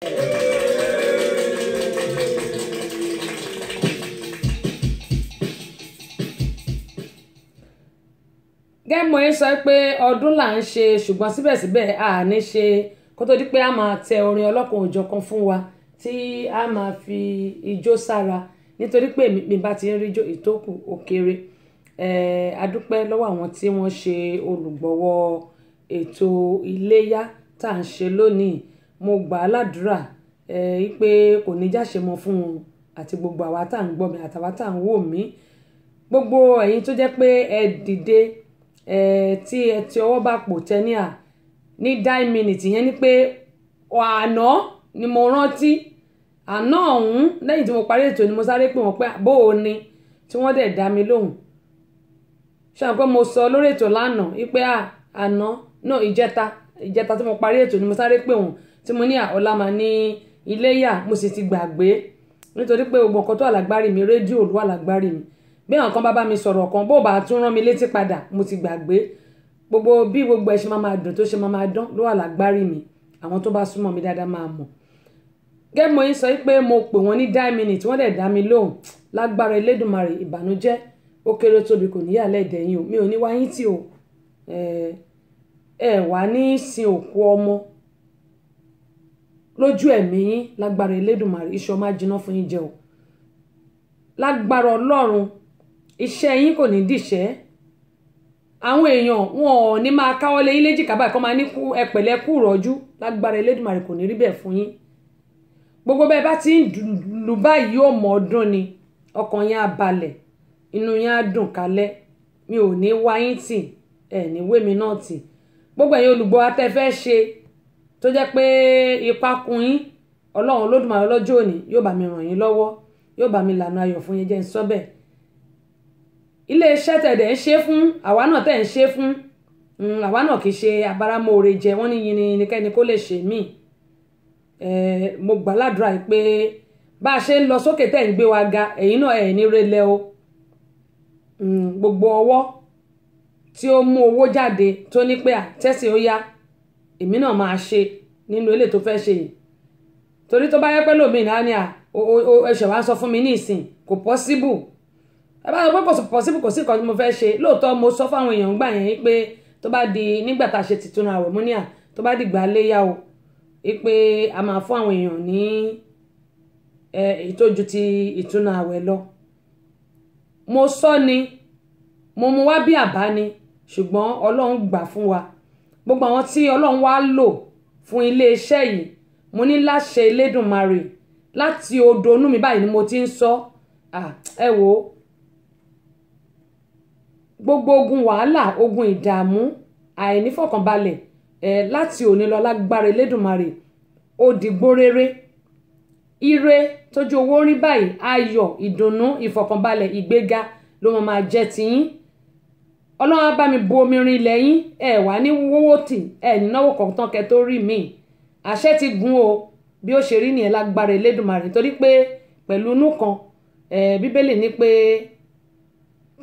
gẹ́mọ̀ ẹ sọ pé ọdún là ń ṣe ṣùgbọ́n síbẹ̀síbẹ̀ a ní ṣe kó tó di pé a máa tẹ orin ọlọ́kan òjọ̀kan fún wa tí a máa fi ijó sára nítorí pé mi bá ti ń ríjó ìtókù òkèrè adúpẹ́ lọ́wọ́ àwọn tí wọ́n ṣe olùgbọ́wọ́ ètò iléyá tá à ń ṣe lónìí mo gbà á ládùúrà ẹ pé kò ní jáṣe mọ́ fún wọn àti gbogbo àwa tá à ń gbọ́ mi àtàwa tá à ń wò mí gbogbo ẹ̀yin tó jẹ́ pé ẹ dìde ẹ tí ẹ ti ọwọ́ bá pò tẹ́níà ní dine minute yẹn ni pé àná ni mo rántí àná ọ̀hún lẹ́yìn tí mo parí ètò ni mo sáré pè wọ́n pé bó o ni tí wọ́n dẹ̀ dá mi lóhùn ṣáà pé mo sọ lórí ètò lánàá wípé àná náà ìjẹta ìjẹta tí mo parí ètò ni mo sáré pè wọ́n tí mo ní àọ́lá máa ní iléyà mo sì ti gbàgbé nítorí pé gbogbo nǹkan tó wà lágbárí mi rédíò ló wà lágbárí mi bí àwọn kan bá bá mi sọ̀rọ̀ kan bó bá tún rán mi létí padà mo ti gbàgbé gbogbo bí gbogbo ẹ̀ ṣe máa dùn tó ṣe máa dán ló wà mi àwọn tó bá súnmọ́ mi dáadáa máa mọ̀ gẹ́gẹ́ mo yín sọ pé mo pè wọ́n ní die minute wọ́n dẹ̀ dá mi lóhùn lágbára elédùnmarè ìbànújẹ́ ó kéré tóbi kò níyàlẹ́ ìdẹ̀yìn o mi ò ní wáyé tí o ẹ wà ní sin òkú ọmọ lójú ẹ̀mí yín lágbára elédùnmarè iṣan máa jiná fún yín jẹ o lágbára ọlọ́run iṣẹ́ yín kò ní dìṣẹ́ àwọn èèyàn wọn ò ní máa káwọ́ lé yín léjìká báyìí kọ́ máa ní ẹ̀pẹ̀lẹ́ kú rọ́jú lágbára elédùnmarè kò ní rí bẹ́ẹ̀ fún yín gbogbo bẹ́ẹ̀ bá ti ń lù báyìí yóò mọ̀ ọdún ni ọkàn yín á balẹ̀ inú yín á dùn kálẹ̀ mi ò ní wá yín tì ẹ̀ ní wémi náà tì gbogbo ẹ̀yin olùgbọ́ atẹ́fẹ́ ṣe tó jẹ́ pé ipa kun yín ọlọ́run olódùmarè ọlọ́jọ́ òní yóò bá mi ràn yín lọ́wọ́ yóò bá mi lànà ayọ̀ fún yín jẹ́ ń sọ bẹ́ẹ̀ iléeṣẹ́ tẹ̀dẹ̀ ń ṣe fún àwa náà tẹ̀ ń ṣe fún hmm, àwa náà kì í ṣe abáramóore jẹ wọ́n ní yin nìkẹ́ni kó lè ṣe míì mo gbà ládùúrà yìí pé bá a ṣe ń lọ sókè tẹ̀ ń gbé wa ga ẹ̀yin náà ẹ̀ ní relẹ̀ o hmm, gbogbo ọwọ́ tí ó mú owó jáde tó ní pé àtẹ́sí ó yá èmi náà máa ṣe nínú ilé tó fẹ́ ṣe yìí torí tó bá yẹ pé lómi náà ni à ẹsẹ̀ wa ń sọ fún mi ní ìsìn kò pọ́síbù ẹ bá sọ pé kò pọ́síbù kò sí nǹkan tí mo fẹ́ ṣe lóòótọ́ mo sọ fáwọn èèyàn gbà yẹn pé tó bá di nígbà tá a ṣe tìtúnu àwẹ̀ mú ní à tó bá dìgbà léyà o pé a máa fún àwọn èèyàn ní ìtọ́jú ti ìtúnu àwẹ̀ lọ mo sọ ni mo mú wá bí àbá ni ṣùgbọ́n ọlọ́run gbà fún wa gbogbo àwọn tí ọlọ́run wá lò fún iléeṣẹ́ yìí mo ní láṣẹ elédùnmarè láti odò inú mi báyìí ni mo ti ń sọ ẹ wò ó gbogbo ogun wàhálà ogun ìdààmú àìnífọ̀kànbalẹ̀ ẹ láti òní lọ lágbára elédùnmarè ó dìgbò rere ire tójú owó rí báyìí ayọ̀ ìdùnnú ìfọ̀kànbalẹ̀ ìgbéga ló máa jẹ́ tiyín ọlọ́run á bá mi bu omi rin ilẹ̀ yín ẹ wà ní wọ́wọ́ tì ẹ ní náwó kọ̀ọ̀tàn kẹ tó rí mi àṣẹ ti gùn o bí ó ṣe rí nìyẹn lágbára elédùnmarè torí pé pẹ̀lú inú kan bíbélì ní pé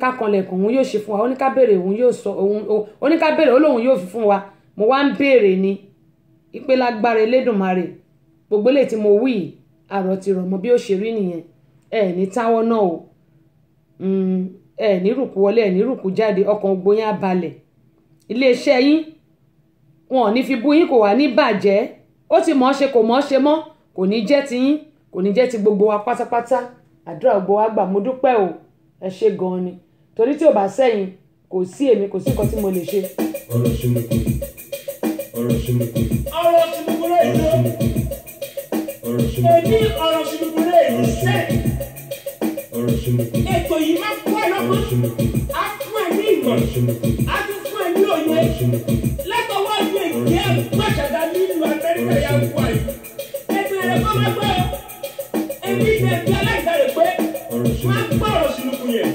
kákanlẹ̀kùn òun yóò ṣe fún wa oníkábèrè òun yóò sọ òun oníkábèrè olóhùn yóò fi fún wa mo wá ń béèrè ni ìpè lágbára elédùnmarè gbogbo eléyìí tí mo wí àrò ti rọ̀ mọ́ bí ó ṣe rí nìyẹn ẹ ní táwọ́ náà o hmm ẹ ní rùkú wọlé ẹ ní rùkú jáde ọkàn gbogbo yín á balẹ̀ iléeṣẹ́ yín wọn ò ní fi bú yín kò wá ní bàjẹ́ ó ti mọ̀ ọ́ ṣe kò mọ̀ ọ́ ṣe mọ́ kò ní jẹ́ ti yín kò ní jẹ́ ti gbogbo wa pátápátá àdúrà gbogbo wa gbà mo dúpẹ́ o ẹ ṣe gan-an ni torí tí ò bá sẹ́yìn kò sí èmi kò sí nǹkan tí mo lè ṣe. ọ̀rọ̀ ṣùnùkùn ọ̀rọ̀ ṣùnùkùn ọ̀rọ̀ ṣùnùkùn lẹ́yìn ọ̀rọ̀ ṣùnùkùn èmi ọ̀rọ̀ ṣùnùkùn lẹ́yìn sẹ́yìn ètò you máa fún ẹ lọ́gbọ́n á fún ẹ ní ìmọ̀ á tún fún ẹ ní òye látọwọ́ ní èyí ẹ gbàṣàdá nílùú Amẹ́ríkà yà wù àyè ẹnu ẹ̀rọ kọ́ máa gbọ́ ẹbí ilẹ̀ bí aláìsàrè pé máa gbọ́ ọ̀rọ̀ sunukun yẹn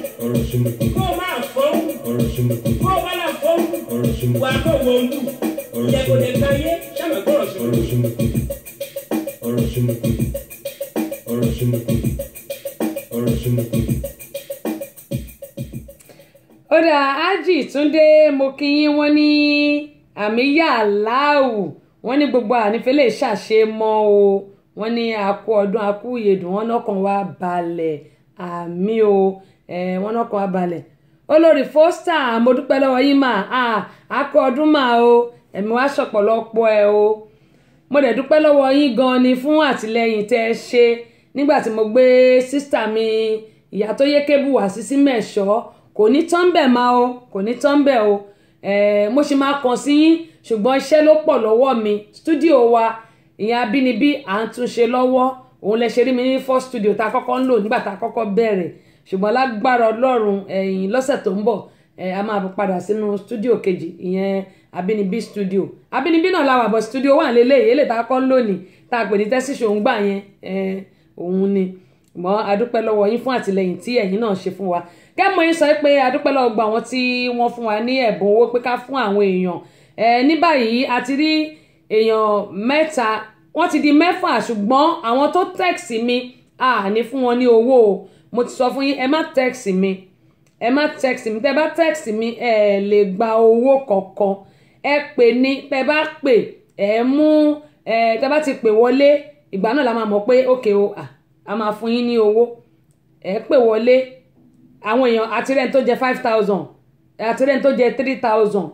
kó o máa fọ́n kó o bá la fọ́n wà á kó wọ́n dùn yẹ kò lè ka yé sábà gbọ́ ọ̀rọ̀ sunukun. mo kí yín wọ́n ní àmì yà láàwù wọ́n ní gbogbo ànífẹ́ lè ṣàṣe mọ́ o wọ́n ní akú ọdún akú ìyèdùn wọn náà kàn wá balẹ̀ àmì o wọn náà wá balẹ̀ olórí fọ́stà mo dúpẹ́ lọ́wọ́ yín mà á akú ọdún mà o ẹ̀mí wá ṣọ̀pọ̀lọpọ̀ ẹ o mo dẹ̀ dúpẹ́ lọ́wọ́ yín gan ni fún àtìlẹ́yìn tẹ́ ẹ ṣe nígbà tí mo gbé sísítà mi ìyá tó yé kébù wá sí sí mẹ́ṣọ́ kò ní tán bẹ́ẹ̀ máa o kò ní tán bẹ́ẹ̀ o eh, mo ṣe máa kàn sí yín ṣùgbọ́n iṣẹ́ ló pọ̀ lọ́wọ́ mi stúdíò wa ìyẹn abínibí à ń túnṣe lọ́wọ́ òun lè ṣe rí mi ní first studio tá a kọ́kọ́ ń lò nígbà tá a kọ́kọ́ bẹ̀rẹ̀ ṣùgbọ́n lágbára ọlọ́run ẹ̀yìn lọ́sẹ̀ tó ń bọ̀ eh, a máa padà sínú stúdíò kejì ìyẹn abínibí studio abínibí náà la wà bọ̀ stúdíò wà lélẹ̀ èyí lè tá a kọ́ ń lò ní tá a pè ní tẹ́sí ṣòun gbà yẹn eh, òun ni mọ́ adúpẹ́ lọ́wọ́ yín fún àtìlẹ́yìn tí ẹ̀yin náà ṣe fún wa kẹ́mọ̀ yín sọ pé adúpẹ́ lọ́wọ́ gba àwọn tí wọ́n fún wa ní ẹ̀bùn owó pé ká fún àwọn èèyàn ẹ ní báyìí a ti rí èèyàn mẹ́ta wọ́n ti di mẹ́fà ṣùgbọ́n àwọn tó tẹ́ẹ̀sì mi à ní fún wọn ní owó o mo ti sọ fún yín ẹ má tẹ́ẹ̀sì mi ẹ má tẹ́ẹ̀sì mi tẹ́ bá tẹ́ẹ̀sì mi ẹ lè gba owó kankan ẹ pè ní tẹ́ bá pè ẹ mú ẹ tẹ́ bá ti pè wọlé ìgbà náà la máa mọ̀ pé ókè o à a máa fún yín ní owó ẹ pè wọlé àwọn èèyàn àtirẹ́ni tó jẹ five thousand àtirẹ́ni tó jẹ three thousand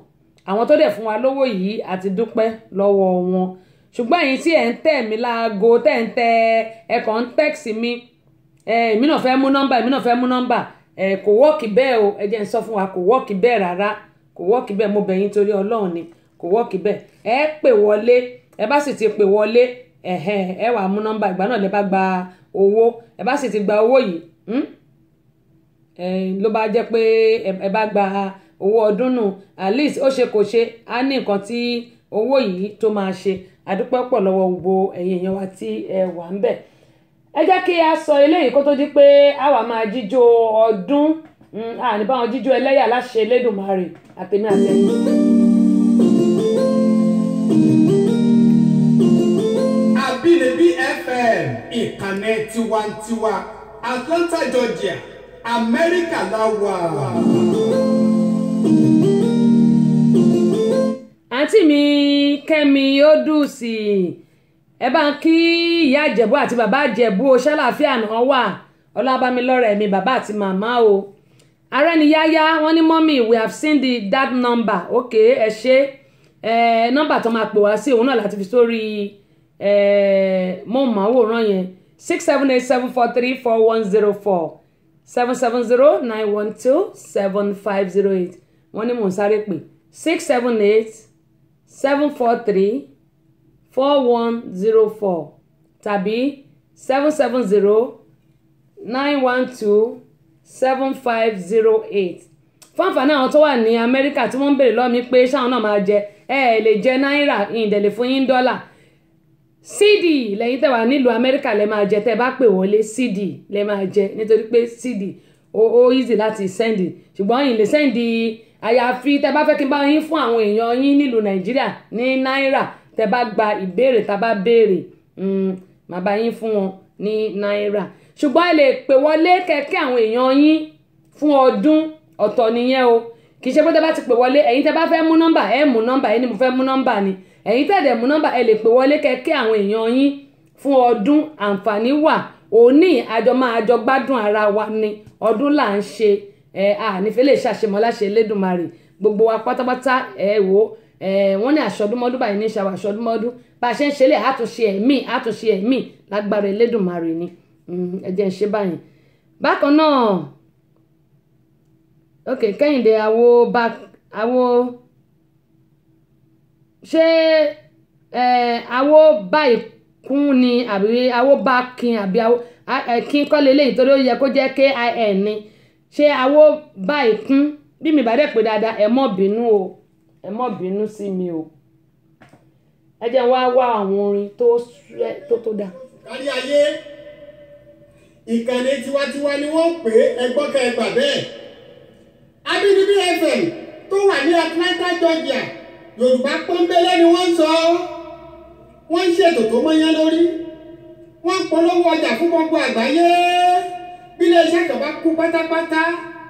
àwọn tó dẹ̀ fún wa lówó yìí àti dúpẹ́ lọ́wọ́ wọn ṣùgbọ́n ẹ̀yin tí ẹ̀ ń tẹ̀ mí láago tẹ̀ ń tẹ ẹ ń tẹ́ẹ̀sì mi èmi náà fẹ́ mú nọ́mbà èmi náà fẹ́ mú nọ́mbà kò wọ́ọ̀kì bẹ́ẹ̀ o ẹ jẹ́ n sọ fún wa kò wọ́ọ̀kì bẹ́ẹ̀ rárá kò wọ́ọ̀kì bẹ́ẹ̀ mo bẹ̀ yín torí ọlọ́run ni kò wọ́ọ̀kì bẹ́ẹ̀ ẹ pè wọlé ẹ bá sì ti pè wọlé ẹ wá mú nọ́mbà ìgbà náà lẹ bá gba owó ẹ bá sì ti gba owó yìí hmm? ló bá jẹ́ pé ẹ bá gba owó ọdún nù at least ó ṣe kò ṣe á ní nǹkan tí owó yìí tó máa ṣe àdúpẹ́ pọ̀ lọ́wọ́ gbogbo ẹ̀yin èèyàn wa tí ẹ wà ń bẹ̀. ẹ jẹ́ kí a sọ eléyìí kó tó di pé a wà máa jíjó ọdún àní hmm, báwọn jíjó ẹlẹ́yà láṣẹ Elédùmarè àtẹ̀mí àtẹ̀yìn. Àbínibí FM ìkànnì tiwantiwa Atlanta Georgia Amẹ́ríkà la wà. àǹtí mi Kẹ́mi ó dùn sí i ẹ bá ń kí ìyá Ìjẹ̀bú àti bàbá Ìjẹ̀bú o ṣàlàáfíà náà wà ọlábàmílọ́rẹ̀ mi bàbá àti màmá o ara ni yáyá wọn ní mọ́mì we have seen the that number okay ẹ ṣe ẹ nọ́mbà tó máa pè wá sí òun náà láti fi sórí ẹ mọ́ọ̀mọ́ yẹn six seven eight seven four three four one zero four seven seven zero nine one two seven five zero eight wọ́n ní mò ń sáré pè six seven eight seven four three four one zero four tàbí seven seven zero nine one two seven five zero eight fún àǹfààní àwọn tó wà ní amẹ́ríkà tí wọ́n ń béèrè lọ́mí pé ṣáwọn náà máa jẹ ẹ jẹ náírà ìdẹ̀lẹ̀ fún yín dọ́là cd lẹ́yìn tẹ́wà nílùú amẹ́ríkà lẹ́ máa jẹ tẹ́ bá pè wọlé cd lẹ́ máa jẹ nítorí pé cd ó ó easy láti send ṣùgbọ́n yìí lè send àyàfi tẹ́ bá fẹ́ kí n bá yín fún àwọn èèyàn yín nílùú nàìjíríà ní náírà tẹ́ bá gba ìbéèrè tá a bá béèrè mm, màá bá yín fún wọn ní náírà ṣùgbọ́n ẹ lè pè wọlé kẹ́kẹ́ àwọn èèyàn yín fún ọdún ọ̀tọ̀ nìyẹn o kì í ṣe pé tẹ́ bá ti pè wọlé ẹ̀yin tẹ́ bá fẹ́ mú nọ́mbà ẹ mú nọ́mbà ẹni mo fẹ́ mú nọ́mbà ni ẹ̀yin tẹ́ dẹ̀ mú nọ́mbà ẹ lè pè wọlé kẹ́kẹ́ àwọn èèyàn yín fún ọdún àǹfààní wà òní àjọ máa jọ gbádùn ara wa ni ọdún là ń ṣe ẹ ànífẹ́ lè ṣàṣemọ́láṣe lẹ́dùnmarè gbogbo wa pátápátá ẹ wò ó wọ́n ní àṣọdúnmọ́dún báyìí ní ìṣàwọ̀ àṣọdúnmọ́dún bá a ṣe ń ṣe lè àtúnṣe ẹ̀mí àtúnṣe ẹ̀mí lágbára Elédùmarè ni ẹ jẹ́ ń ṣe báyìí. bákan náà ok kẹ́hìndé àwo back àwo ṣé ẹ àwo báyìí kún ni àbí àwo bá kin àbí àwo kin kọ́ lélẹ́yìn torí ó yẹ kó jẹ́ kin ni ṣé àwo báyìí kún bí mi bá dẹ̀ pé dáadáa ẹ mọ́ bínú o ẹ mọ́ bínú sí mi o ẹ jẹ́ wá wá àwọn orin tó tó dáa. kárí ayé ìkànnì tiwantiwa ni wọ́n pè é ẹgbọ́n kẹgbà bẹ́ẹ̀. Abínibí FM tó wà ní Atlanta Georgia Yorùbá pọ́nbélé ni wọ́n sọ wọ́n ń ṣètò tó mọ́yán lórí wọ́n ń polówó ọjà fún gbogbo àgbáyé bí iléeṣẹ́ kan bá kú pátápátá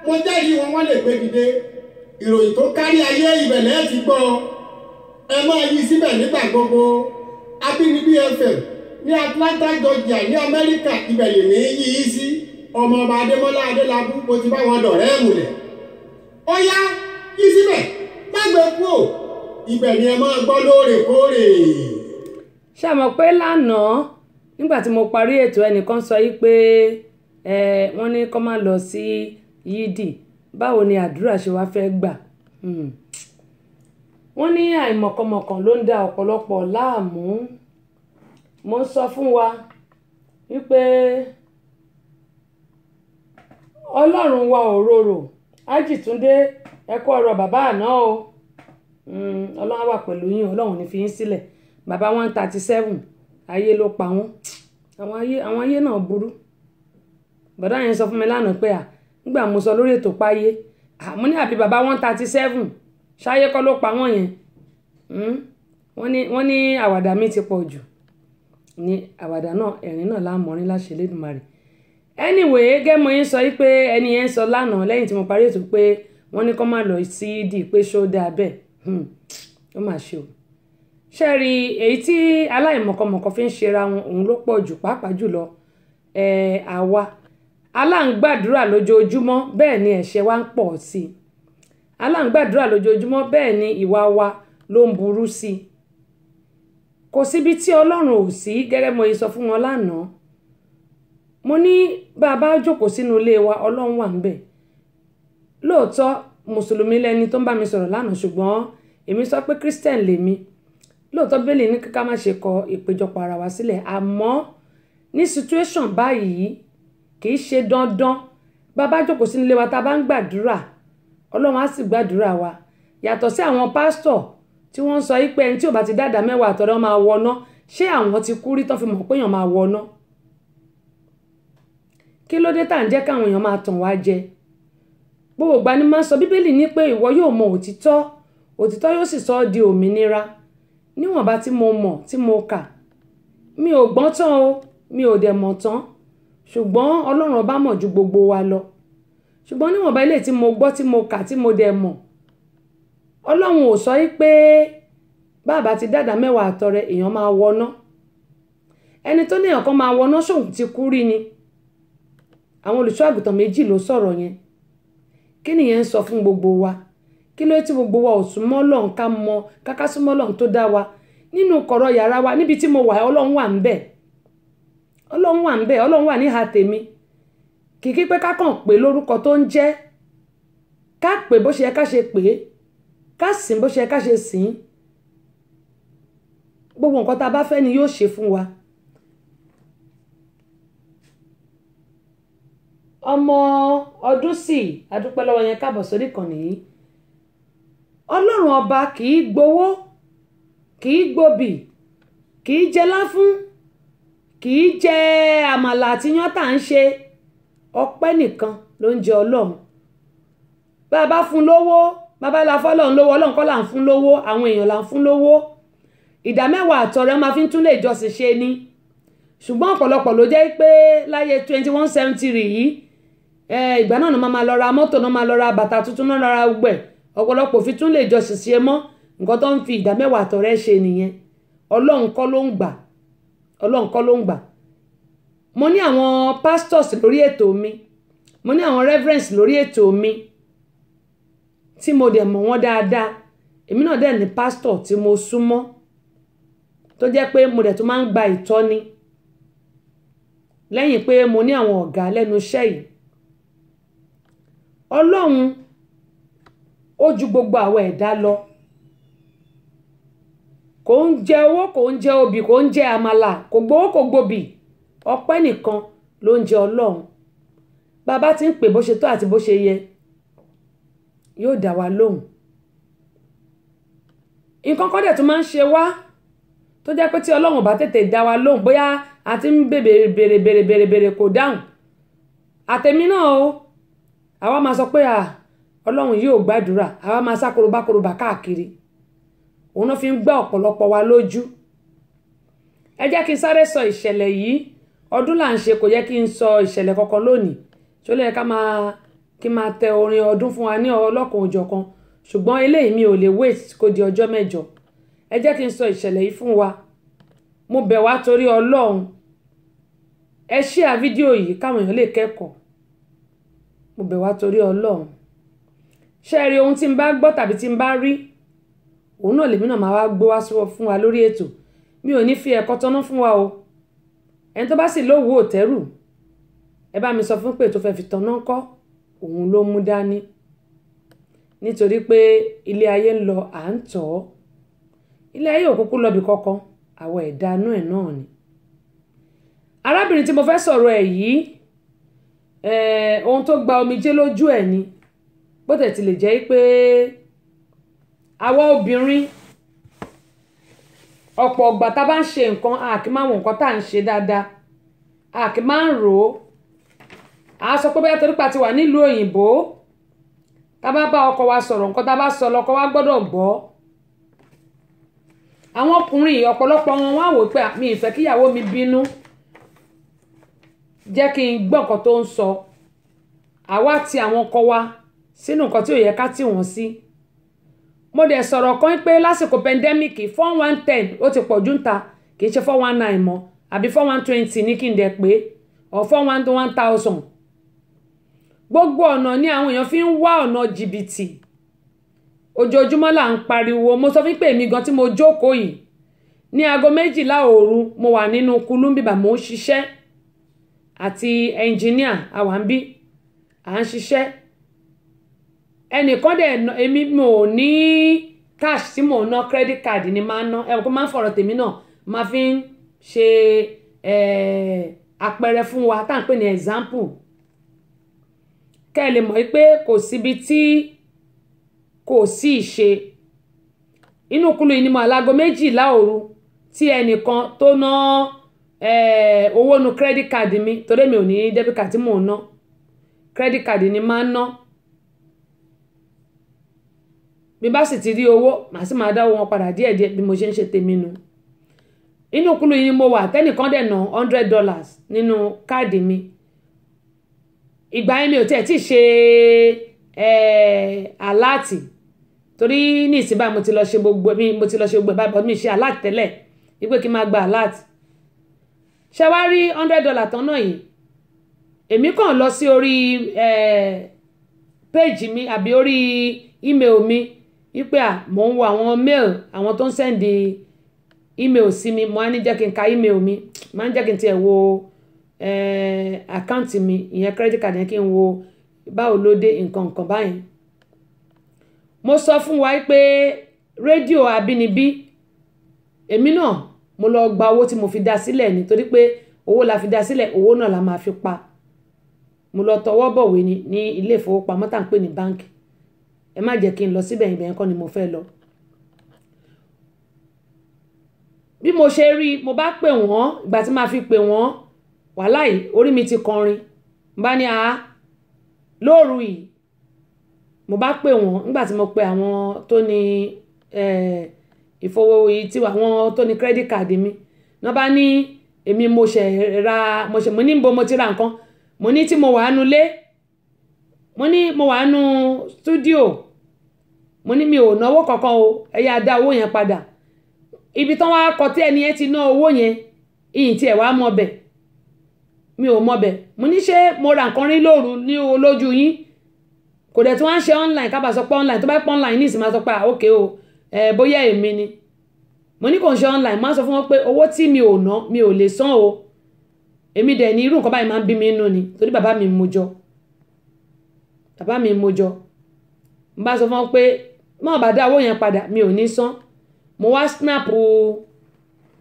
mo jẹ́rìí wọn wọ́n lè gbé dìde ìròyìn tó kárí ayé ìbẹ̀lẹ̀ ti gbọ́ ẹ máa yí síbẹ̀ nígbà gbogbo Abínibí FM ní Atlanta Georgia ní Amẹ́ríkà ìbẹ̀lẹ̀ ní yí sí ọmọ ọba Adémọ́lá Adélábù mo ti bá wọn dọ̀rẹ́ ẹ̀mùlẹ̀ ó yá kí síbẹ̀ má gbé e kú ò ibẹ̀ ni ẹ máa gbọ́ lóòrèkóòrè. ṣé mọ̀ pé lánàá nígbà tí mo parí ètò ẹnìkan sọ yìí pé wọ́n ní kó má lọ sí yídì báwo ni àdúrà ṣe wá fẹ́ gbà hmm. wọ́n ní àìmọ̀kànmọ̀kàn ló ń da ọ̀pọ̀lọpọ̀ láàmú mo ń sọ fún wa wípé ọlọ́run wa ò ájì túndé ẹ kú ọ̀rọ̀ bàbá àná o hmm, ọlọ́run wà pẹ̀lú yín ọlọ́run ní fi yín sílẹ̀ bàbá one thirty seven ayé ló pa wọ́n àwọn ayé àwọn ayé náà burú bàdá yẹn sọ fún mi lánàá pé à nígbà mo sọ lórí ètò páyé àmú ní àbí bàbá one thirty seven ṣáyé kọ́ ló pa wọ́n yẹn hmm, wọ́n ní àwàdà mi ti pọ̀ jù ní àwàdà náà ẹ̀rín náà láàmọ́rin láṣẹ lẹ́dùnmarè anyway gẹ́mọ yín sọ pé ẹni yẹn sọ lánàá lẹ́yìn tí mo parí ètò pé wọ́n ní kó má lọ sí di pé ṣó dáa bẹ́ẹ̀ hmm, ó mà ṣe o ṣe rí èyí tí aláìmọ̀kọmọ̀kọ fi ń ṣera wọn òun ló pọ̀ jù pàápàá jùlọ àwa aláǹgbàdúrà lójoojúmọ́ bẹ́ẹ̀ ni ẹ̀ṣẹ̀ wa ń pọ̀ sí i aláǹgbàdúrà lójoojúmọ́ bẹ́ẹ̀ ni ìwà wa ló ń burú sí i kò síbi tí ọlọ́run ò sí gẹ́gẹ́ mo sọ fún wọn lánàá mo ní bá a bá jókòó sínú ilé wa ọlọ́run wà ń bẹ̀ lóòótọ́ mùsùlùmí lẹni tó ń bá mi sọ̀rọ̀ lánàá ṣùgbọ́n èmi sọ pé christian lèmi lóòótọ́ bẹ́ẹ̀lì ní kíkà má ṣe kọ ìpéjọpọ̀ ara wa sílẹ̀ àmọ́ ní situation báyìí kì í ṣe dandan bá a bá jókòó sínú ilé wa tá a bá ń gbàdúrà ọlọ́run á sì gbàdúrà wa yàtọ̀ sí àwọn pásítọ̀ tí wọ́n ń sọ yí pé ẹni tí ò bá ti dáadáa mẹ́wàá àtọ̀dọ́ máa wọná ṣé àwọn ti kú tó fi mọ̀ pé èèyàn máa wọná kí ló dé tá à ń jẹ́ káwọn èèyàn máa tàn wá jẹ gbogbo ìgbà ni máa sọ bíbélì ní pé ìwọ yóò mọ òtítọ́ òtítọ́ yóò sì sọ ọ́ di òmìnira níwọ̀nba tí mo mọ̀ tí mo kà mi ò gbọ́n tán o mi ò dẹ̀ mọ̀ tán ṣùgbọ́n ọlọ́run ọba mọ̀ ju gbogbo wa lọ ṣùgbọ́n níwọ̀nba ilé tí mo gbọ́ tí mo kà tí mo dẹ̀ mọ̀ ọlọ́run ò sọ yí pé bàbá ti dàda mẹ́wàá àtọrẹ èèyàn máa wọná ẹni tó ní èèyàn máa wọná ṣòun ti kú rí ni. àwọn olùṣọ́ àgùntàn méjì ló sọ̀rọ̀ yẹn kí nìyẹn ń sọ fún gbogbo wa kí ló tí gbogbo wa ò súnmọ́ ká mọ káká súnmọ́ tó dá wa nínú kọ̀rọ̀ yàrá wa níbi tí mo wà ọlọ́run wà ń bẹ̀ ọlọ́run wà ń bẹ̀ ọlọ́run wà tèmi pé ká kàn pé lórúkọ tó gbogbo nǹkan tá a bá fẹ́ wa. ọmọ ọdún sì adúpẹ́ lọ́wọ́ yẹn káàbọ̀ sórí ìkànnì yìí ọlọ́run ọba kì í gbowó kì í gbobì kì í jẹ láfún kì í jẹ àmàlà àtiyán tá à ń ṣe ọpẹ́ nìkan ló ń jẹ ọlọ́run bá a bá fún lówó bàbá la fọlọ́run lówó ọlọ́run kọ́ là ń fún lówó àwọn èèyàn là ń fún lówó ìdá mẹ́wàá àtọrẹ máa fi ń tún lè jọ́sìn ṣe ni ṣùgbọ́n ọ̀pọ̀lọpọ̀ ló jẹ́ pé láyé twenty one century yìí ìgbà náà ni màmá lọ ra mọ́tò náà máa lọ ra bàtà tuntun náà lọ ra ọ̀pọ̀lọpọ̀ fi tún lè jọ ṣiṣẹ́ mọ́ nǹkan tó ń fi ìdá mẹ́wàá àtọ̀rẹ́ ṣe nìyẹn ọlọ́run kọ́ ló ń gbà mo ní àwọn pastors lórí mi mo ní àwọn lórí ètò mi tí mo dẹ̀ mọ̀ wọ́n dáadáa èmi náà dẹ̀ ní pastor tí mo tó jẹ́ pé mo dẹ̀ máa ń gba ìtọ́ni lẹ́yìn pé mo ní àwọn ọ̀gá lẹ́nu iṣẹ́ yìí ọlọ́run ó ju gbogbo àwọn ẹ̀dá lọ kò ń jẹ owó kò ń jẹ obì kò ń jẹ àmàlà kò gbowó kò gbobì ọpẹ́ nìkan ló ń jẹ ọlọ́run bàbá ti ń pè bó ṣe tó àti bó ṣe yẹ yóò dá wa lóhùn nǹkan kan dẹ̀ tó máa ń ṣe wá tó jẹ́ pé tí ọlọ́run bá tètè dá wa lóhùn bóyá a ti ń bèrè bèrè bèrè bèrè kò dáhùn àtẹ̀mí náà o àwa máa sọ pé à ọlọ́run yóò gbàdúrà àwa máa sá korobákorobá káàkiri òun náà fi ń gbá ọ̀pọ̀lọpọ̀ wa lójú ẹ jẹ́ kí n sáré sọ ìṣẹ̀lẹ̀ yìí ọdún là ń ṣe kò yẹ kí n sọ ìṣẹ̀lẹ̀ kankan lónìí tó lè ká máa kí n máa tẹ orin ọdún fún wa ní ọlọ́kan òjọ̀kan ṣùgbọ́n eléyìí mi ò lè wait kó di ọjọ́ mẹ́jọ ẹ jẹ́ kí n sọ ìṣẹ̀lẹ̀ yìí fún wa mo bẹ̀ wá torí ọlọ́run ẹ ṣíà fídíò yìí káwọn èèyàn lè kẹ́kọ̀ọ́ mo bẹ̀ wá torí ọlọ́run ṣé ẹ rí ohun tí n bá gbọ́ tàbí tí n bá rí òun náà lèmi náà máa wá gbé wá sọ fún wa lórí ètò mi ò ní fi ẹ̀kọ́ tọ́ná fún wa o ẹni tó bá sì lówó òtẹ́rù ẹ bá mi sọ fún pé tó fẹ́ fi tọ́ná kọ́ òun ló mú dání nítorí pé ilé ayé ń lọ à ń tọ̀ ilé ayé òkúkú lọ́bì kọ́kọ́ àwọ̀ ẹ̀dá inú ẹ̀ náà ni arábìnrin tí mo fẹ́ sọ̀rọ̀ ẹ̀ yìí Eh, ohun tó gba omijé lójú ẹ̀ ni bó tẹ̀ ti lè jẹ́ pé àwa obìnrin ọ̀pọ̀ ọgbà tá a bá ń ṣe nǹkan a kì máa wọ nǹkan tá à ń ṣe dáadáa a kì máa ń rò ó à sọ pé bóyá torípa ti wà nílùú òyìnbó tá a bá bá ọkọ wa sọ̀rọ̀ nǹkan tá a bá sọ lọ́kọ wa gbọ́dọ̀ gbọ́ àwọn ọkùnrin ọ̀pọ̀lọpọ̀ wọn wá wò pé mi ìfẹ́ kíyàwó mi bínú jẹ́ kí n gbọ́ nǹkan tó ń sọ àwa ti àwọn ọkọ wa sínú nǹkan tí ò yẹ ká tì wọ́n sí mo dẹ̀ sọ̀rọ̀ kan pé lásìkò pẹ́ndẹ́míkì four one ten ó ti pọ̀ jù ń ta kì í ṣe four one nine mọ́ àbí four one twenty ní kí n dẹ̀ pé or four one one thousand gbogbo ọ̀nà ni àwọn èèyàn fi ń wá ọ̀nà jìbìtì ojoojúmọ́ là ń pariwo mo sọ fún pé èmi gan tí mo jókòó yìí ní aago méjìlá òru mo wà nínú kulú bíbà ń ṣiṣẹ́ àti ẹnjìníà Awambi, à ń ṣiṣẹ́ ẹnìkan dẹ̀ èmi mo ní cash tí mò ń ná credit card ni máa ń ná ẹ̀wọ̀n kó máa ń fọ̀rọ̀ tèmi náà máa fi ń ṣe àpẹẹrẹ fún wa tá à ń pè ní example kẹ́ ẹ lè mọ̀ pé kò síbi tí kò sí ìṣe inú kulu yìí ni mo àlago méjìlá òru tí ẹnìkan tó ná. Eh, owó nu credit card mi torí mi ò ní debit card mo mò ná credit card ni máa ń ná bí bá sì ti rí owó màá sì máa dáwọ́ wọn padà díẹ̀díẹ̀ bí mo ṣe ń ṣe tèmi nu inú kúlù yìí mo wà tẹ́nìkan dẹ̀ ná hundred dollars nínú káàdì mi ìgbà yẹn mi ò tiẹ̀ tí ì ṣe eh, aláàtì torí ní ìsìn báyìí mo ti lọ ṣe gbogbo mi mo ti lọ ṣe gbogbo báyìí bọ́ mi ṣe aláàtì tẹ́lẹ̀ wípé kí n máa gba aláàtì ṣe wá rí hundred dollar tán náà yìí èmi kàn lọ sí orí péèjì mi àbí orí email mi wípé à mò ń wo àwọn mail àwọn tó ń sẹ́ndì email sí mi mo á ní jẹ́ kí n ka email mi máa ń jẹ́ kí n tiẹ̀ wo Account mi ìyẹn credit card yẹn kí n wo báwo ló dé nǹkan nǹkan báyìí mo sọ fún wa pé rédíò àbínibí èmi náà mo lọ gba owó tí mo fi dá sílẹ̀ nítorí pé owó la fi dá sílẹ̀ owó náà la máa fi pa mo lọ tọwọ́ bọ̀wé ni ní ilé ìfowópamọ́ tá à ń pè ní báńkì ẹ má jẹ́ kí n lọ síbẹ̀ ibẹ̀ yẹn kọ́ ni mo fẹ́ lọ. bí mo ṣe rí mo bá pè wọ́n ìgbà tí màá fi pè wọ́n wàhálà yìí orí mi ti kọrin mo bá ní a lóòrù yìí mo bá pè wọ́n nígbà tí mo pe àwọn tó ní ẹ̀ẹ́ ìfowó yìí tí àwọn tó ní credit card mi náà bá ní èmi mo ṣe ra mo ṣe mo ní bo mo ti ra nǹkan mo ní tí mo wà á lé mo ní mo wà á nu studio mo ní mi ò náwó kankan o ẹ yáa dá owó yẹn padà ibi tán wá kọ tí ẹni yẹn ti ná owó yẹn ìyìn tí ẹ wá mọ bẹ mi ò mọ bẹ mo ní ṣé mo ra nǹkan rí lóru ní olójú yín kò dẹ̀ tí wọ́n á ṣe online ká bá sọ pé online tó bá pẹ́ online ní ìsìn máa sọ pé ok o. Oh ẹ bóyá èmi ni mo ní kò ń ṣe online máa sọ fún wọn pé owó tí mi ò ná mi ò lè san o èmi dẹ̀ ní irú nǹkan báyìí máa ń bí mi nínú ni torí bàbá mi mo jọ bàbá mi mo jọ n bá sọ fún wọn pé má bàá dá owó yẹn padà mi ò ní san mo wá snap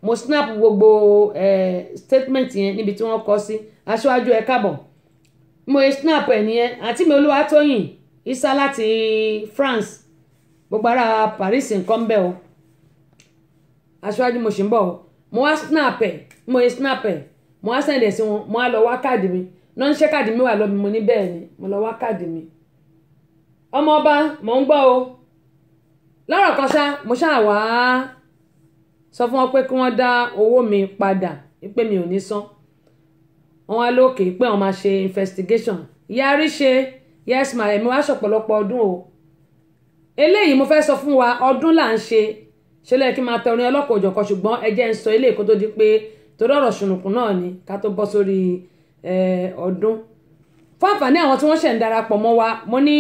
mo snap gbogbo eh, statement yẹn níbi tí wọ́n kọ sí aṣáájú ẹ káàbọ̀ mo snap ẹ̀ nìyẹn àti mi olúwa tóyìn isa láti France gbogbo ara Paris nǹkan bẹ́ẹ̀ o aṣáájú mo ṣì ń bọ̀ o mo wá snap ẹ̀ mo yẹ snap ẹ̀ mo wá sẹ̀ǹdẹ̀ sí wọn mo wá lọ wá káàdì mi náà káàdì mi wà lọ́bi mo ní bẹ́ẹ̀ ni mo lọ wá káàdì mi ọmọ ọba mò ń gbọ́ o lọ́rọ̀ kan ṣá mo ṣáà wá sọ fún wọn pé kí wọ́n dá owó mi padà pé mi ò ní san wọn wá lókè pé wọn máa ṣe investigation yarí ṣe yes ma ẹ̀mí wá ṣọ̀pọ̀lọpọ̀ ọdún o eléyìí mo fẹ́ sọ fún wa ọdún là ń ṣe ṣe lẹ́yìn kí n máa tẹ orin ọlọ́kọ̀ òjọ̀kan ṣùgbọ́n ẹ jẹ́ ń sọ eléyìí kó tó di pé torí ọ̀rọ̀ ṣùnùkùn náà ni ká tó bọ́ sórí ọdún fún àǹfààní àwọn tí wọ́n ṣẹ̀ ń darapọ̀ mọ́ wa mo ní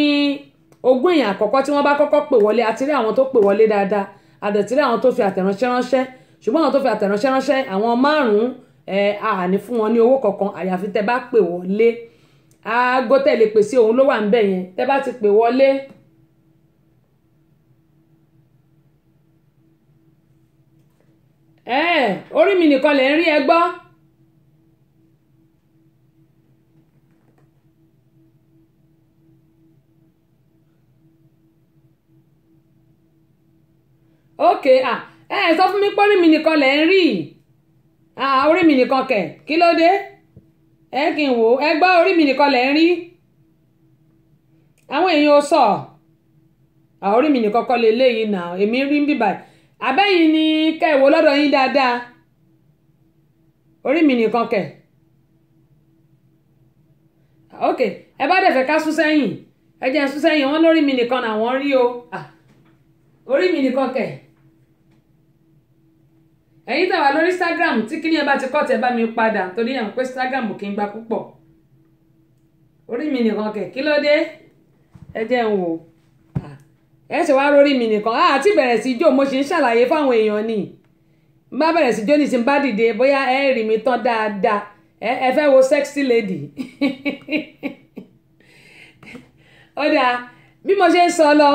ogún èèyàn àkọ́kọ́ tí wọ́n bá kọ́kọ́ pè wọlé àti rí àwọn tó pè wọlé dáadáa àdẹ̀tí rí àwọn tó fi àtẹ̀ránṣẹ́ ránṣẹ́ ṣùgbọ́n àwọn tó orí mi nìkan lè rí ẹ gbọ́. ok ẹ sọ fún mi pé orí mi nìkan lè ń rí orí mi nìkan kẹ kí ló dé ẹ kì í wò ẹ gbọ́ orí mi nìkan lè rí àwọn èèyàn ò sọ orí mi nìkan kọ́ lè léyìí náà èmi rí bíbáyìí. abẹ́yìn ni kẹ́ ẹ̀ wò lọ́dọ̀ yín dáadáa orí mi nìkan kẹ̀ ok ẹ bá dẹ̀ fẹ́ ká sún sẹ́yìn ẹ jẹ́ sún sẹ́yìn wọ́n lórí mi nìkan làwọn rí o orí mi nìkan kẹ̀ ẹ̀yin tàwa lórí Instagram tí kíní ẹ bá ti kọ́ tẹ bá mi padà torí ẹ̀ ń pé Instagram kì í gba púpọ̀ orí mi nìkan kẹ̀ kí ló dé ẹ jẹ́ ń wò ó. ẹ ṣe wá rórí mi nìkan a ah, ti bẹ̀rẹ̀ sí jó mo ṣe ń ṣàlàyé fáwọn èèyàn ni n bá bẹ̀rẹ̀ sí jó ní ti bá dìde bóyá ẹ rí mi tán dáadáa ẹ fẹ́ wo sexy lady ó dáa bí mo ṣe ń sọ lọ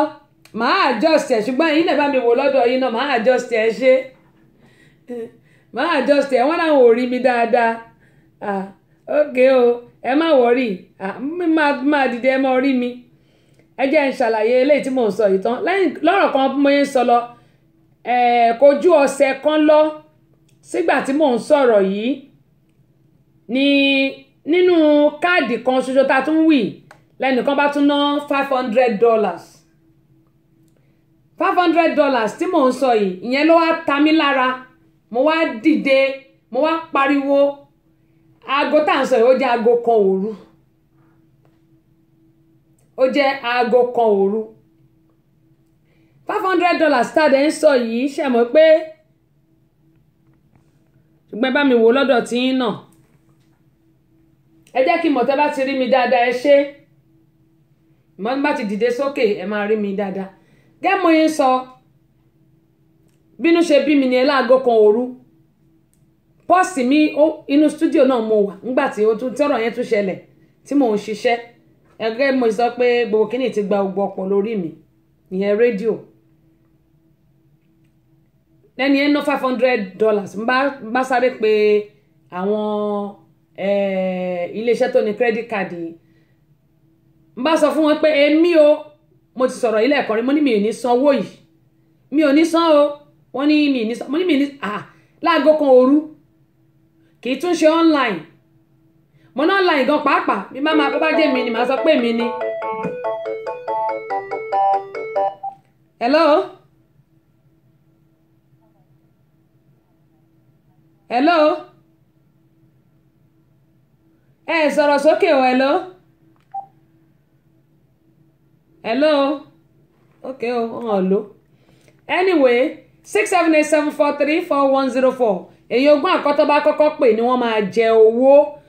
màá adjust ẹ ṣùgbọ́n yín náà bá mi wò lọ́dọ̀ yín náà màá adjust ẹ ṣe màá adjust ẹ wọ́n láwọn ò rí mi dáadáa ah ok o ẹ má wọrí ah mi máa dìde ẹ má rí mi ẹ jẹ́ ń ṣàlàyé eléyìí tí mò ń sọ yìí tán lẹ́yìn lọ́rọ̀ kan mo yẹn ń sọ lọ kojú ọ̀sẹ̀ kan lọ sígbà tí mò ń sọ̀rọ̀ yìí ni nínú káàdì kan ṣoṣo tá a tún wì lẹ́nìkan bá tún ná five hundred dollars five hundred dollars tí mò ń sọ yìí ìyẹn ló wá ta mí lára mo wá dìde mo wá pariwo aago tá à ń sọ yìí ó jẹ́ aago kan òru ó jẹ́ aago kan òru five hundred dollars tá a dẹ̀ ń sọ yìí ṣe mọ̀ pé ṣùgbọ́n bá mi wò lọ́dọ̀ tí yín náà ẹ jẹ́ kí mọ̀tẹ́ bá ti rí mi dáadáa ẹ ṣe mọ́ bá ti dìde sókè ẹ máa rí mi dáadáa gẹ́mọ yín sọ bínú ṣe bí mi ní ẹ láago kan òru pọ́ọ̀sì mi inú stúdíò náà mo wà nígbà tí ó tún tọ́rọ̀ yẹn tún ṣẹlẹ̀ tí mò ń ṣiṣẹ́ ẹgbẹ́ mo sọ pé gbogbo kíní ti gba gbogbo ọ̀pọ̀ lórí mi ìyẹn rédíò lẹ́ni ẹ̀ ná five hundred dollars n bá sáré pé àwọn iléeṣẹ́ tó ní credit card yìí n bá sọ fún wọn pé èmi o mo ti sọ̀rọ̀ ilé ẹ̀kọ́ rí mo ní mi ò ní sanwó yìí mi ò ní san o wọ́n ní mi ò ní san mo ní mi ò ní ah láago kan òru kì í tún ṣe online mo náà la ìgan pàápàá bí má máa bó bá jẹ́ mi ni màá sọ pé mi ni. hello. hello. ẹ hey, sọ̀rọ̀ sókè o hello. hello. ok o hàn ló. anyway six seven eight seven four three four one zero four èyí ogún àkọ́tọ́ bá kọ́kọ́ pè ni wọ́n máa jẹ owó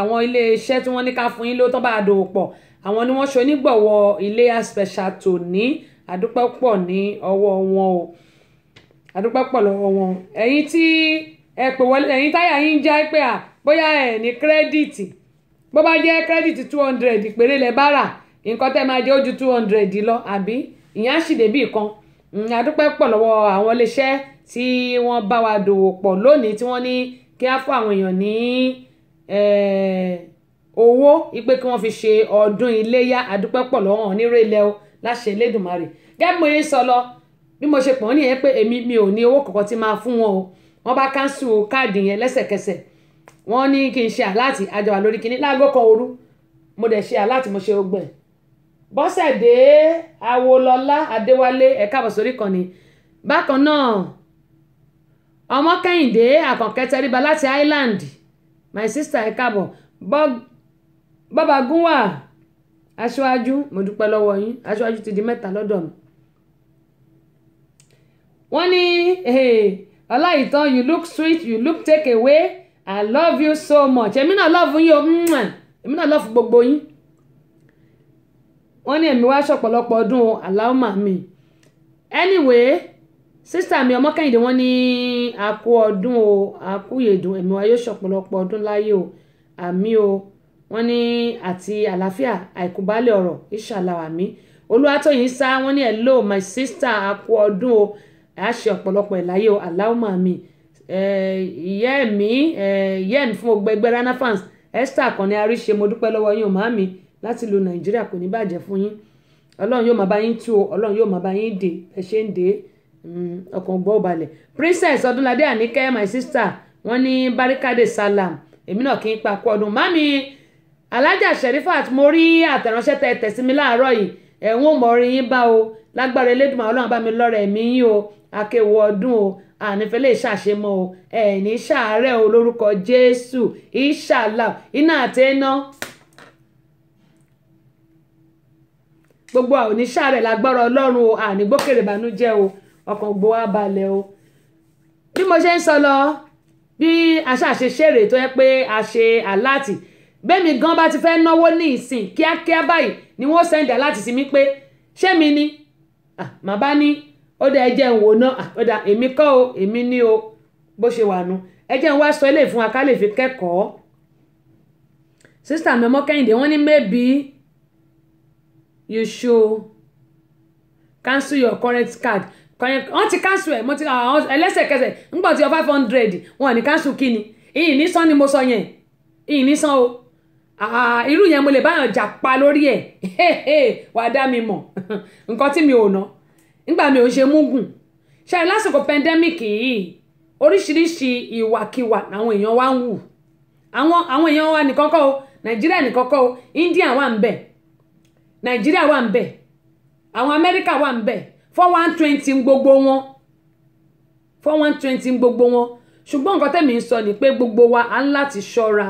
àwọn ilé iṣẹ́ tí wọ́n ní ká fún yín ló tán bá dòwò pọ̀ àwọn ni wọ́n ṣonígbọ̀wọ́ iléyá special tòní àdúpẹ́ pọ̀ ní ọwọ́ wọn o àdúpẹ́ pọ̀ lọ́wọ́ wọn ẹ̀yin tí ẹ pè wọlé ẹ̀yin táyà yín já pé à bóyá ẹ̀ ní kírẹ́dìtì bó bá jẹ́ kírẹ́dìtì two hundred péré lẹ bá rà nǹkan tẹ́ máa jẹ́ ó two hundred lọ àbí ìyẹn á sì débì kan àdúpẹ́ hmm, pọ̀ lọ́wọ́ àwọn iléeṣẹ́ tí wọ́n bá wa dòwò pọ̀ lónìí tí wọ́n ní kí á fún àwọn èèyàn ní Eh, owó ipe kí wọ́n fi ṣe ọdún iléyá àdúpẹ́ pọ̀ lọ́wọ́n onírò ilẹ̀ o láṣẹ elédùnmarè gẹ́gẹ́ mo yẹ sọ lọ bí mo ṣe pọ̀ ní yẹn pé èmi mi ò ní owó kọ̀ọ̀kan tí máa fún wọn o wọ́n bá káńsù káàdì yẹn lẹ́sẹ̀kẹsẹ̀ wọ́n ní kí n ṣe àláàtì àjọwà lórí kinní láago kan òru mo dẹ̀ ṣe àláàtì mo ṣe ogbẹ̀ bọ́sẹ̀dé awolọ́lá adéwálé ẹ̀ka àbọ̀sórí kan ni bákan náà ọmọ kẹ́hìndé àkànkẹ́ tẹríba láti island my sister ẹ káàbọ̀ bàbá gúnwà aṣáájú mo dúpẹ́ lọ́wọ́ yín aṣáájú ti di mẹ́ta lọ́dọ̀ mi. wọ́n ní ọláìtàn you look sweet you look take away i love you so much èmi náà love yín o èmi náà love gbogbo yín. wọ́n ní ẹ̀mí wá ṣọ̀pọ̀lọpọ̀ ọdún o àlámà anyway sísá mi ọmọ kẹ́hìndé wọn ní àkú ọdún o àkú yèdùn ẹ̀mí wa yóò ṣọ̀pọ̀lọpọ̀ ọdún láyé o àmì o wọn ní àti àlàáfíà àìkúbálẹ̀ ọ̀rọ̀ inshallah àmì olúwatóyìn sá wọn ní hello my sister àkú ọdún o a ṣe ọ̀pọ̀lọpọ̀ ìláyé o aláwọ̀mọ̀ mi ìyá mi ìyá mi fún gbogbo ẹgbẹ́ Rana fans Esther Akànni àríṣe mo dúpẹ́ lọ́wọ́ yín o màámi láti lu Nàìjíríà kò ní bàjẹ́ fún yín ọlọ́run yóò máa bá yín tú o ọlọ́run yóò máa bá yín dè ẹ ṣe ń dè é Mm, ọkàn gbọ́ balẹ̀ princess ọdúnladé àníkẹ́ my sister wọ́n ní barikade salam èmi náà kì í pa kú ọdún mami alájà sherifat mo rí àtẹ̀ránṣẹ́ tẹ tẹ̀sí mi láàárọ̀ yìí ẹ̀wọ̀n mọ̀rin yín bá o lágbára elédùnmọ̀ ọlọ́run bá mi lọ́rọ̀ ẹ̀mí yín o akéwò ọdún o ànífẹ́ lè ṣàṣemọ́ o ẹ̀ẹ́ni ṣàárẹ̀ o lórúkọ jésù ìṣàlà iná àtẹ́ná gbogbo àwọn oníṣàárẹ̀ lágbára ọlọ́run o ànígbókèrè ìbànújẹ́ o ọkàn gbọ́ wá balẹ̀ o bí mo ṣe ń sọ lọ bí aṣáṣe ṣèrè tó yẹ pé a ṣe aláàtì bẹ́ẹ̀mi gan bá ti fẹ́ náwó ní ìsìn kíákíá báyìí ni wọ́n sẹ́ndì aláàtì sí mi pé ṣé mi ni màá bá ní ó dá ẹjẹ́ ń wò náà ó dá èmi kọ́ o èmi ní o bó ṣe wà nu ẹjẹ́ ń wá sọ eléyìí fún wa ká lè fi kẹ́kọ̀ọ́ sísítà mẹ́mọ́ kẹ́hìndé wọ́n ní maybe you should cancel your current card kọ̀yìn wọ́n ti cancel ẹ̀ mo ti àwọn ẹlẹ́sẹ̀kẹsẹ̀ ńgbọ̀ tí o five hundred wọn ní cancel kí ni ìyìn ní san ni mo sọ yẹn ìyìn ní san o irú yẹn mo lè báyàn jà pa lórí ẹ̀ wàá dá mi mọ̀ nǹkan tí mi ò ná ńgbà mi ò ṣe múgùn ṣe lásìkò pandemic yìí oríṣiríṣi ìwàkiwà àwọn èèyàn wa ń wù àwọn àwọn èèyàn wa nìkan kọ́ o nàìjíríà nìkan kọ́ o india wà ń bẹ̀ nàìjíríà wà ń bẹ̀ àwọn amẹ́ríkà wà ń bẹ̀ four one twenty ń gbogbo wọn four one twenty ń gbogbo wọn ṣùgbọ́n nǹkan tẹ̀mí ń sọ ni pé gbogbo wa á ń láti ṣọ́ra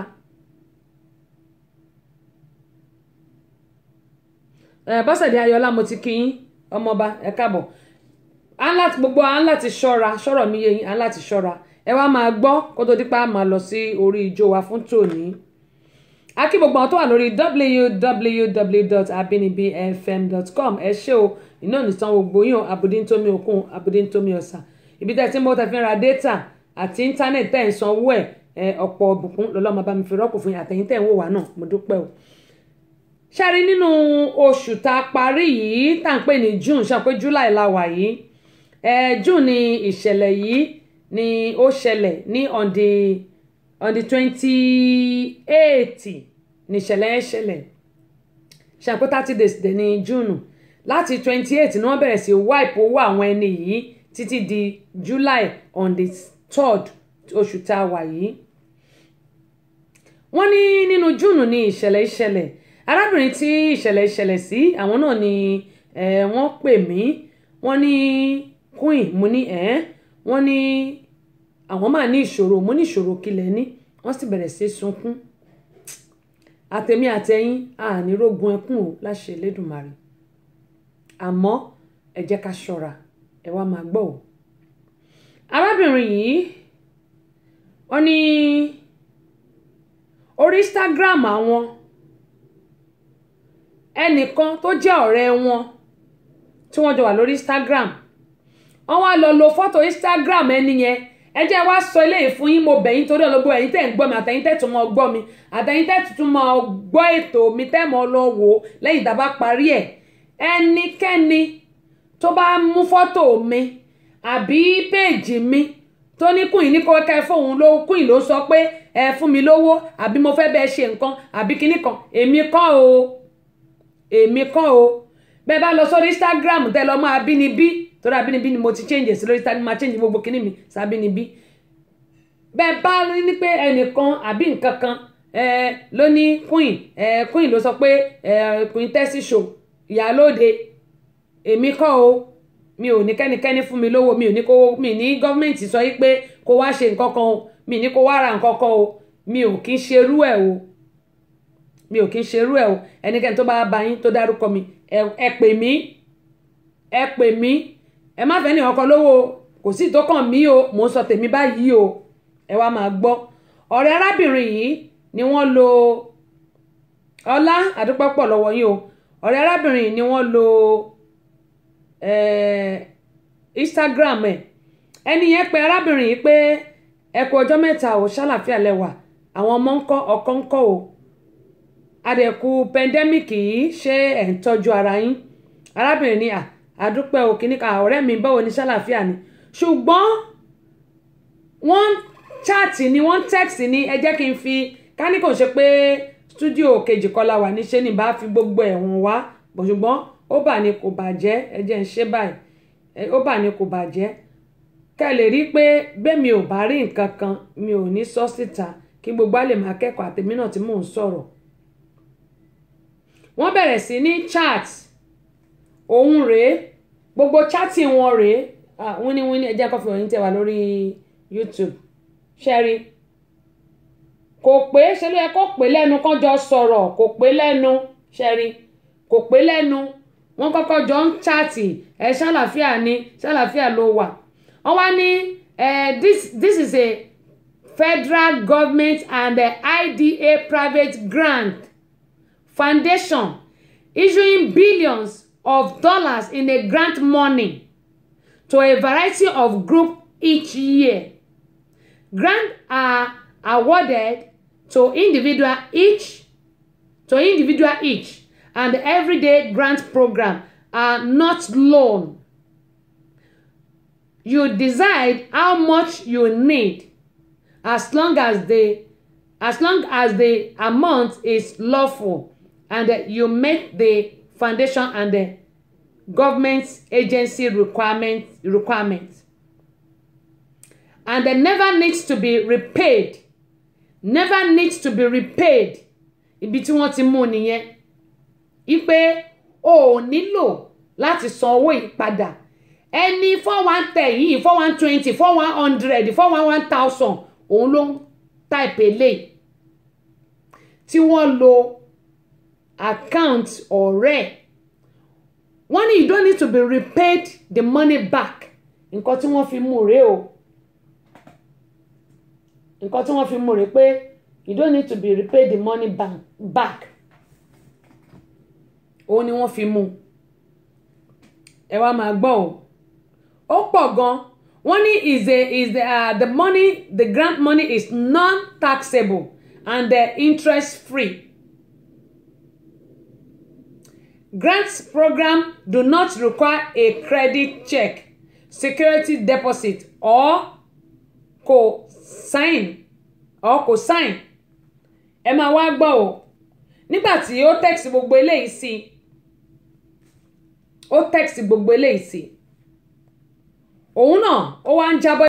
eh, bọ́sẹ̀dé ayọ̀lá mo ti kí yín ọmọọba ẹ káàbọ̀ gbogbo à ń láti ṣọ́ra ṣọ́rọ̀ mi yé yín à láti ṣọ́ra ẹ wá máa gbọ́ kó tó dípa máa lọ sí orí ìjó wa fún tòní. akí tó wà lórí www.abinibifm.com ẹ ṣé o iná nìsan gbogbo yàn abodintomi okun abodintomi ọ̀sà ibi tẹ́ ti ń bọ́ tẹ́ fi ń ra data àti íńtánẹ̀tì tẹ́ ń sanwó ẹ̀ ọ̀pọ̀ ọ̀bùkún lọ́lọ́mọ bá mi fi rọ́pò fún yín àtẹ̀yìn tẹ́ ń wò wá náà mo dúpẹ́ o. ṣáàrí nínú oṣù tá a parí yìí tá à ń pè ní June ṣáà pé July la wà yìí June ni ìṣẹ̀lẹ̀ yìí ni ó ṣẹlẹ̀ ní on twenty eight ni ìṣẹ̀lẹ̀ yẹn ṣẹlẹ̀ ṣàpẹ́ thirty days dẹ̀ ní June láti twenty eight ni wọ́n bẹ̀rẹ̀ sí wáìpù owó àwọn ẹni yìí títí di July on the third oṣù tá a wà yìí wọ́n ní nínú Júùnù ni ìṣẹ̀lẹ̀ ìṣẹ̀lẹ̀ arábìnrin tí ìṣẹ̀lẹ̀ ìṣẹ̀lẹ̀ sí àwọn náà ni wọ́n pè mí wọ́n ní queen mo ní ẹ̀ wọ́n ní àwọn máa ní ìṣòro mo ní ìṣòro kílẹ̀ ní wọ́n sì bẹ̀rẹ̀ sí sunkún àtẹ̀mí àtẹ̀yìn ànírógun ẹkún o láṣẹ Elédùmarè àmọ́ ẹ jẹ́ ká ṣọ́ra ẹ wá máa gbọ́ o. arábìnrin yìí wọ́n ní orí Instagram àwọn ẹnìkan tó jẹ́ ọ̀rẹ́ wọn tí wọ́n jọ wà lórí Instagram wọ́n wá lọ lo fọ́tò Instagram ẹni yẹn ẹ jẹ́ wá sọ eléyìí fún yín mo bẹ̀ yín torí ọlọ́gbọ́ ẹ̀yin tẹ̀ ń gbọ́ mi àtẹ̀yin tẹ̀ tún mọ́ gbọ́ mi àtẹ̀yin tẹ̀ tún mọ́ gbọ́ ètò mi tẹ́ mọ́ lọ wò lẹ́yìn tá parí ẹ̀ ẹnikẹ́ni tó bá mú fọ́tò mi àbí péèjì mi tó ní kùn ní kó kẹ́ fóun ló kùn ló sọ pé ẹ fún mi lówó àbí mo fẹ́ bẹ́ẹ̀ ṣe nǹkan àbí kinní kan èmi kọ́ o èmi kọ́ o bẹ́ẹ̀ bá lọ sórí Instagram tẹ́ lọ mọ́ abínibí torí abínibí ni mo ti change sí lórí Instagram máa change gbogbo kinní mi sábínibí bẹ́ẹ̀ bá ní pé ẹnìkan àbí nǹkan kan ló ní queen queen ló sọ pé queen tẹ́sí show ìyálóde èmi kọ́ o mi ò ní kẹ́nikẹ́ni fún mi lówó mi ò ní kó mi ní gọ́ọ̀mẹ̀ntì sọ pé kó wá ṣe nǹkan kan o mi ní kó wá ra nǹkan kan o mi ò kí ń ṣerú ẹ̀ o mi ò kí ń ṣerú ẹ̀ o ẹnikẹ́ni tó bá bá yín tó dárúkọ mi ẹ pè mí ẹ pè mí ẹ má fẹ́ ní ọkọ lówó kò sí tó kàn mí o mò ń sọ tèmi báyìí o ẹ wá máa gbọ́ ọ̀rẹ́ arábìnrin yìí ni wọ́n lo ọlá àdúpọ̀ pọ̀ lọ́wọ́ yín o ọ̀rẹ́ arábìnrin ni wọ́n lo Instagram ẹ̀ ẹni yẹn pe arábìnrin yìí pé ẹ kú ọjọ́ mẹ́ta ò ṣàlàfíà lẹ́wà àwọn ọmọ ń kọ́ ọkọ ń kọ́ o adẹ̀kù pẹ́ndẹ́míkì yìí ṣé ẹ̀ ń tọ́jú ara yín arábìnrin ni àdúpẹ́ o kìíní kan ọ̀rẹ́ mi báwo ni ṣàlàfíà ni ṣùgbọ́n wọ́n ń ni wọ́n ń tẹ́ẹ̀sì ni ẹ jẹ́ kí n fi ká ní kò ṣe pé studio kejì kọ́lá wà níṣẹ́ ní bá fi gbogbo ẹ̀wọ̀n wá ṣùgbọ́n ó bà ní kò bàjẹ́ ẹ̀jẹ̀ ń ṣe báyìí ó bà ní kò bàjẹ́ ká lè rí i pé bẹ́ẹ̀ mi ò bá rí nǹkan kan mi ò ní sọ síta kí gbogbo á lè máa kẹ́kọ̀ọ́ àtèmi náà tí mò ń sọ̀rọ̀ wọ́n bẹ̀rẹ̀ sí ní chat òun rèé gbogbo chati wọn rèé wíníwíní ẹ̀jẹ̀ kọfí ọ̀yìn tẹ̀ wá lórí YouTube ṣẹ́rí kò pé ṣe ló yẹ kó pé lẹ́nu kán jọ sọ̀rọ̀ kò pé lẹ́nu ṣẹ́rí kò pé lẹ́nu wọ́n kọ́kọ́ jọ ń chaàtì ẹ̀ ṣàlàfíà ni ṣàlàfíà ló wà wọ́n wá ní this this is a federal government and the IDA private grant foundation issuing billions of dollars in a grant money to a variety of groups each year. Grants are awarded to individual each to individual each and everyday grant program are not loan. You decide how much you need as long as the as long as the amount is lawful and you meet the foundation and the government agency requirement requirement and it never needs to be repaid never needs to be repaid ibi tí wọ́n ti mú nìyẹn ipe o ò nílò láti san owó ìpadà ẹni four one ten yìí four one twenty four one hundred four one one thousand òun ló ń type eléyìí tí wọ́n lo account ọ̀rẹ́ wọ́n ní you don't need to be repaid the money back nǹkan tí wọ́n fi mú rèé o nǹkan tí wọ́n fi mú rè pé you don't need to be repaid the money bank, back òun ni wọ́n fi mú ẹ wá máa gbọ́ o ó pọ̀ gan wọ́n ní is a is a, uh, the money the grant money is non-taxable and uh, interest free. Grants program do not require a credit check, security deposit, or cosine or cosine ẹ máa wá gbọ́ o nígbà tí ó text gbogbo eléyìí sí ó text gbogbo eléyìí sí òun náà ó wá ń jábọ́.